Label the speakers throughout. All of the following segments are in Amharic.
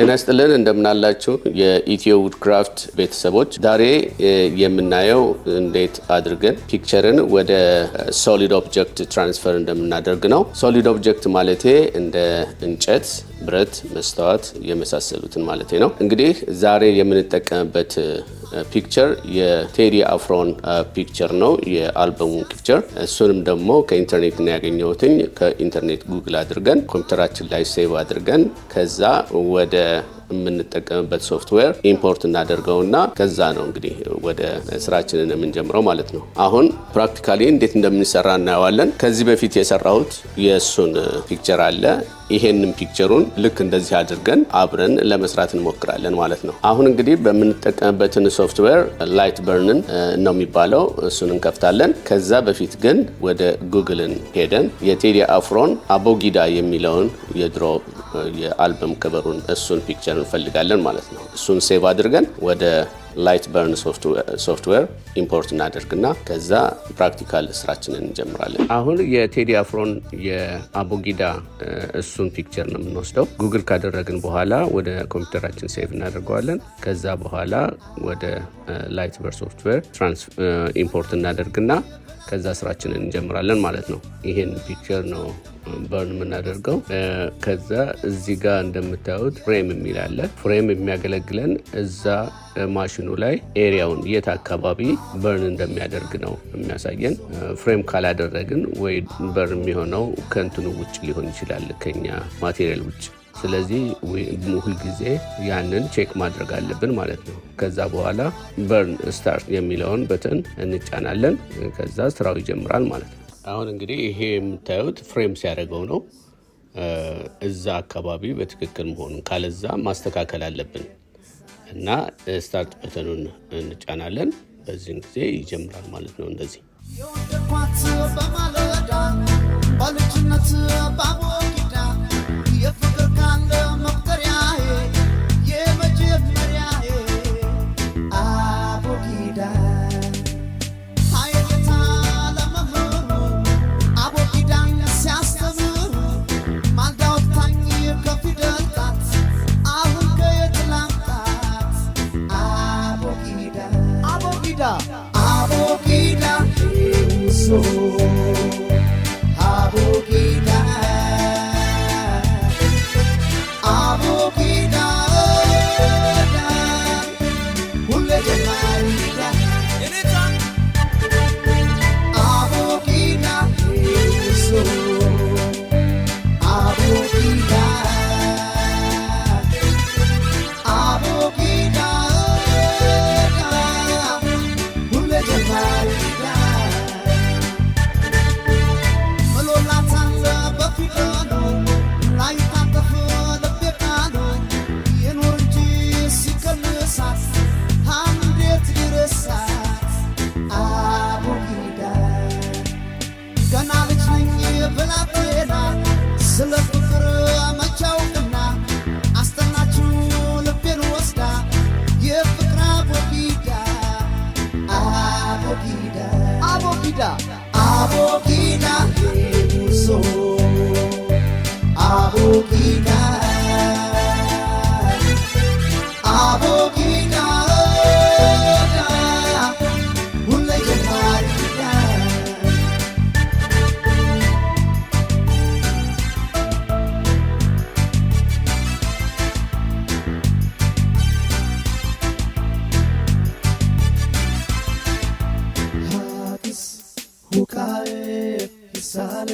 Speaker 1: ጤና ይስጥልን እንደምናላችሁ የኢትዮ ውድ ክራፍት ቤተሰቦች፣ ዛሬ የምናየው እንዴት አድርገን ፒክቸርን ወደ ሶሊድ ኦብጀክት ትራንስፈር እንደምናደርግ ነው። ሶሊድ ኦብጀክት ማለቴ እንደ እንጨት፣ ብረት፣ መስታወት የመሳሰሉትን ማለቴ ነው። እንግዲህ ዛሬ የምንጠቀምበት ፒክቸር የቴዲ አፍሮን ፒክቸር ነው የአልበሙ ፒክቸር። እሱንም ደግሞ ከኢንተርኔት ነው ያገኘሁትኝ። ከኢንተርኔት ጉግል አድርገን ኮምፒውተራችን ላይ ሴቭ አድርገን ከዛ ወደ የምንጠቀምበት ሶፍትዌር ኢምፖርት እናደርገውና ከዛ ነው እንግዲህ ወደ ስራችንን የምንጀምረው ማለት ነው። አሁን ፕራክቲካሊ እንዴት እንደምንሰራ እናየዋለን። ከዚህ በፊት የሰራሁት የእሱን ፒክቸር አለ። ይሄንን ፒክቸሩን ልክ እንደዚህ አድርገን አብረን ለመስራት እንሞክራለን ማለት ነው። አሁን እንግዲህ በምንጠቀምበትን ሶፍትዌር ላይት በርንን ነው የሚባለው፣ እሱን እንከፍታለን። ከዛ በፊት ግን ወደ ጉግልን ሄደን የቴዲ አፍሮን አቦጊዳ የሚለውን የድሮ የአልበም ከበሩን እሱን ፒክቸር ማድረግ እንፈልጋለን ማለት ነው። እሱን ሴቭ አድርገን ወደ ላይት በርን ሶፍትዌር ኢምፖርት እናደርግና ከዛ ፕራክቲካል ስራችንን እንጀምራለን። አሁን የቴዲ አፍሮን የአቦጊዳ እሱን ፒክቸር ነው የምንወስደው። ጉግል ካደረግን በኋላ ወደ ኮምፒውተራችን ሴቭ እናደርገዋለን። ከዛ በኋላ ወደ ላይት በር ሶፍትዌር ኢምፖርት እናደርግና ከዛ ስራችንን እንጀምራለን ማለት ነው። ይሄን ፒክቸር ነው በርን የምናደርገው። ከዛ እዚህ ጋር እንደምታዩት ፍሬም የሚል አለ። ፍሬም የሚያገለግለን እዛ ማሽኑ ላይ ኤሪያውን የት አካባቢ በርን እንደሚያደርግ ነው የሚያሳየን። ፍሬም ካላደረግን ወይ በርን የሚሆነው ከንትኑ ውጭ ሊሆን ይችላል፣ ከኛ ማቴሪያል ውጭ። ስለዚህ ሁል ጊዜ ያንን ቼክ ማድረግ አለብን ማለት ነው። ከዛ በኋላ በርን ስታርት የሚለውን በትን እንጫናለን። ከዛ ስራው ይጀምራል ማለት ነው። አሁን እንግዲህ ይሄ የምታዩት ፍሬም ሲያደርገው ነው እዛ አካባቢ በትክክል መሆኑን፣ ካለዛ ማስተካከል አለብን እና ስታርት በተኑን እንጫናለን። በዚህን ጊዜ ይጀምራል ማለት ነው። እንደዚህ Ako kinahimuso Ako kinahimuso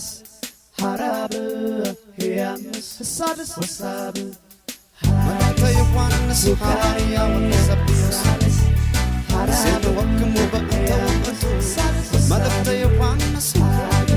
Speaker 1: ወሳብስ ሐራብ ሕያምስ ወሳብስ ወሳብ መላከ ዮሐንስ ሐርያውን ዘብሳልስ ሐራብ ወክሙ በእንተ ወቅቱ መልእክተ ዮሐንስ ሐራብ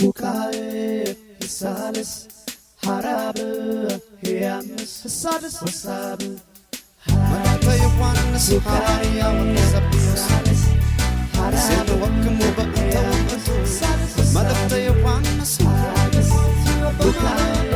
Speaker 1: Hukae Hisales Harabe Hiyannes Hisales Wasabi Harabe sa'yo Juan na sa karaniyawan na sa Piyos Sino wag ka mo ba ang tawag ito? Madap tayo Juan na sa Bukan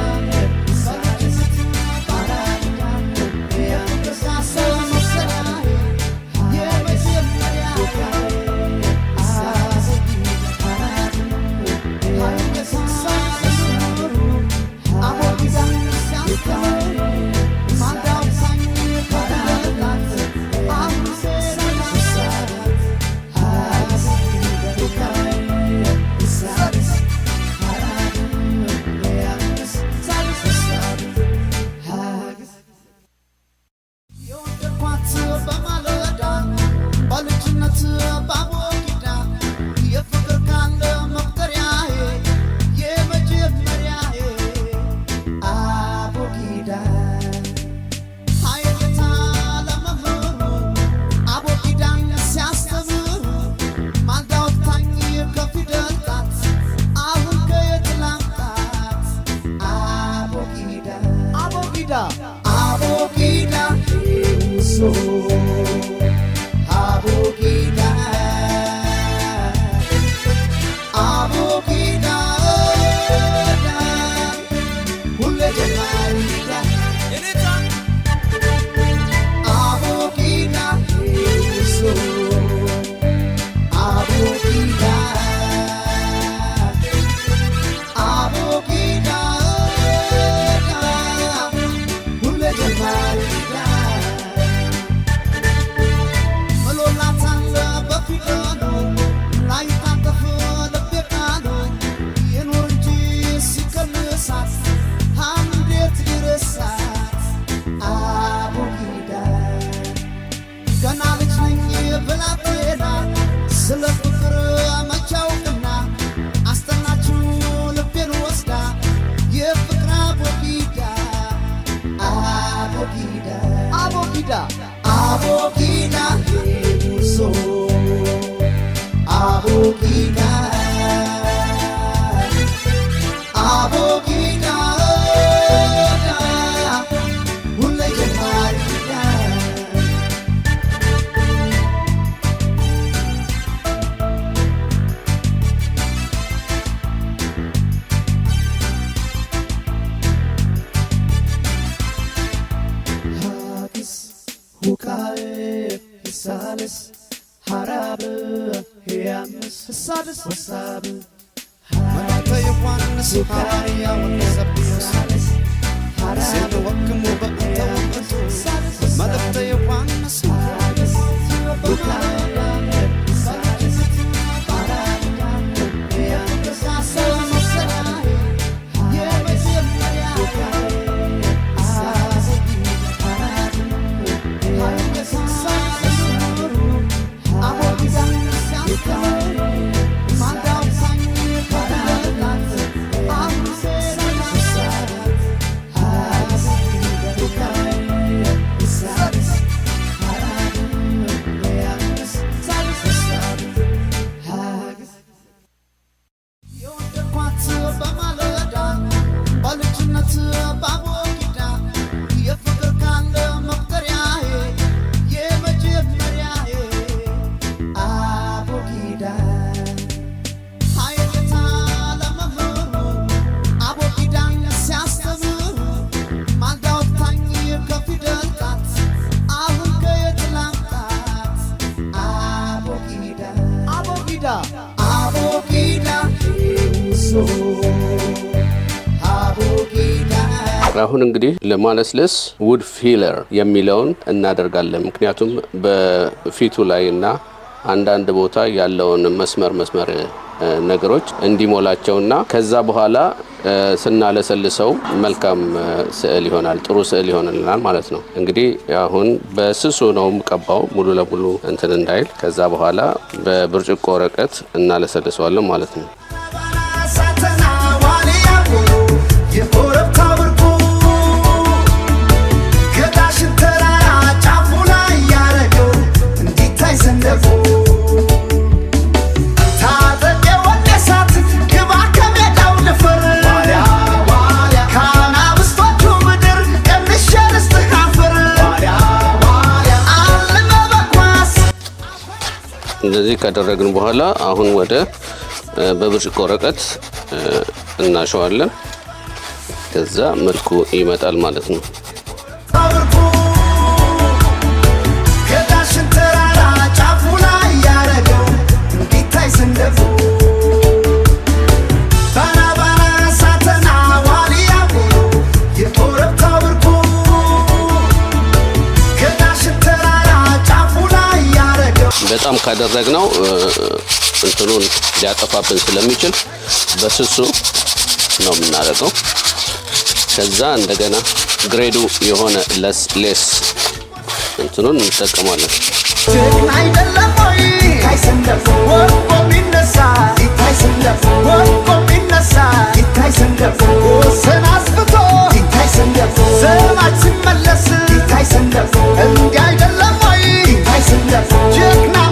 Speaker 1: kita Amo kita, Jesús Amo kita sadece harabı Yalnız sadece wasabi Malatayong panasukari Ang nasapiyos Sinuwag ka mo ba ang tawag ko? Malatayong panasukari Bukala አሁን እንግዲህ ለማለስለስ ውድ ፊለር የሚለውን እናደርጋለን። ምክንያቱም በፊቱ ላይ እና አንዳንድ ቦታ ያለውን መስመር መስመር ነገሮች እንዲሞላቸውና ከዛ በኋላ ስናለሰልሰው መልካም ስዕል ይሆናል፣ ጥሩ ስዕል ይሆንልናል ማለት ነው። እንግዲህ አሁን በስሱ ነው ቀባው ሙሉ ለሙሉ እንትን እንዳይል። ከዛ በኋላ በብርጭቆ ወረቀት እናለሰልሰዋለን ማለት ነው። እንደዚህ ካደረግን በኋላ አሁን ወደ በብርጭቆ ወረቀት እናሸዋለን። ከዛ መልኩ ይመጣል ማለት ነው። በጣም ካደረግነው እንትኑን ሊያጠፋብን ስለሚችል በስሱ ነው የምናደርገው። ከዛ እንደገና ግሬዱ የሆነ ሌስ እንትኑን እንጠቀማለን። Just not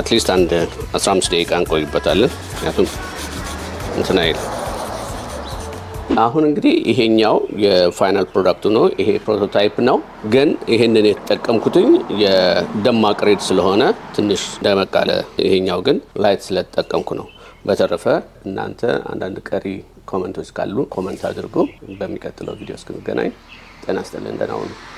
Speaker 1: አትሊስት አንድ 15 ደቂቃ እንቆይበታለን። ምክንያቱም እንትን አይል። አሁን እንግዲህ ይሄኛው የፋይናል ፕሮዳክቱ ነው። ይሄ ፕሮቶታይፕ ነው፣ ግን ይሄንን የተጠቀምኩትኝ የደማቅ ሬድ ስለሆነ ትንሽ ደመቃለ ይሄኛው ግን ላይት ስለተጠቀምኩ ነው። በተረፈ እናንተ አንዳንድ ቀሪ ኮመንቶች ካሉ ኮመንት አድርጉ። በሚቀጥለው ቪዲዮ እስክንገናኝ ጤና ይስጥልኝ። ደህና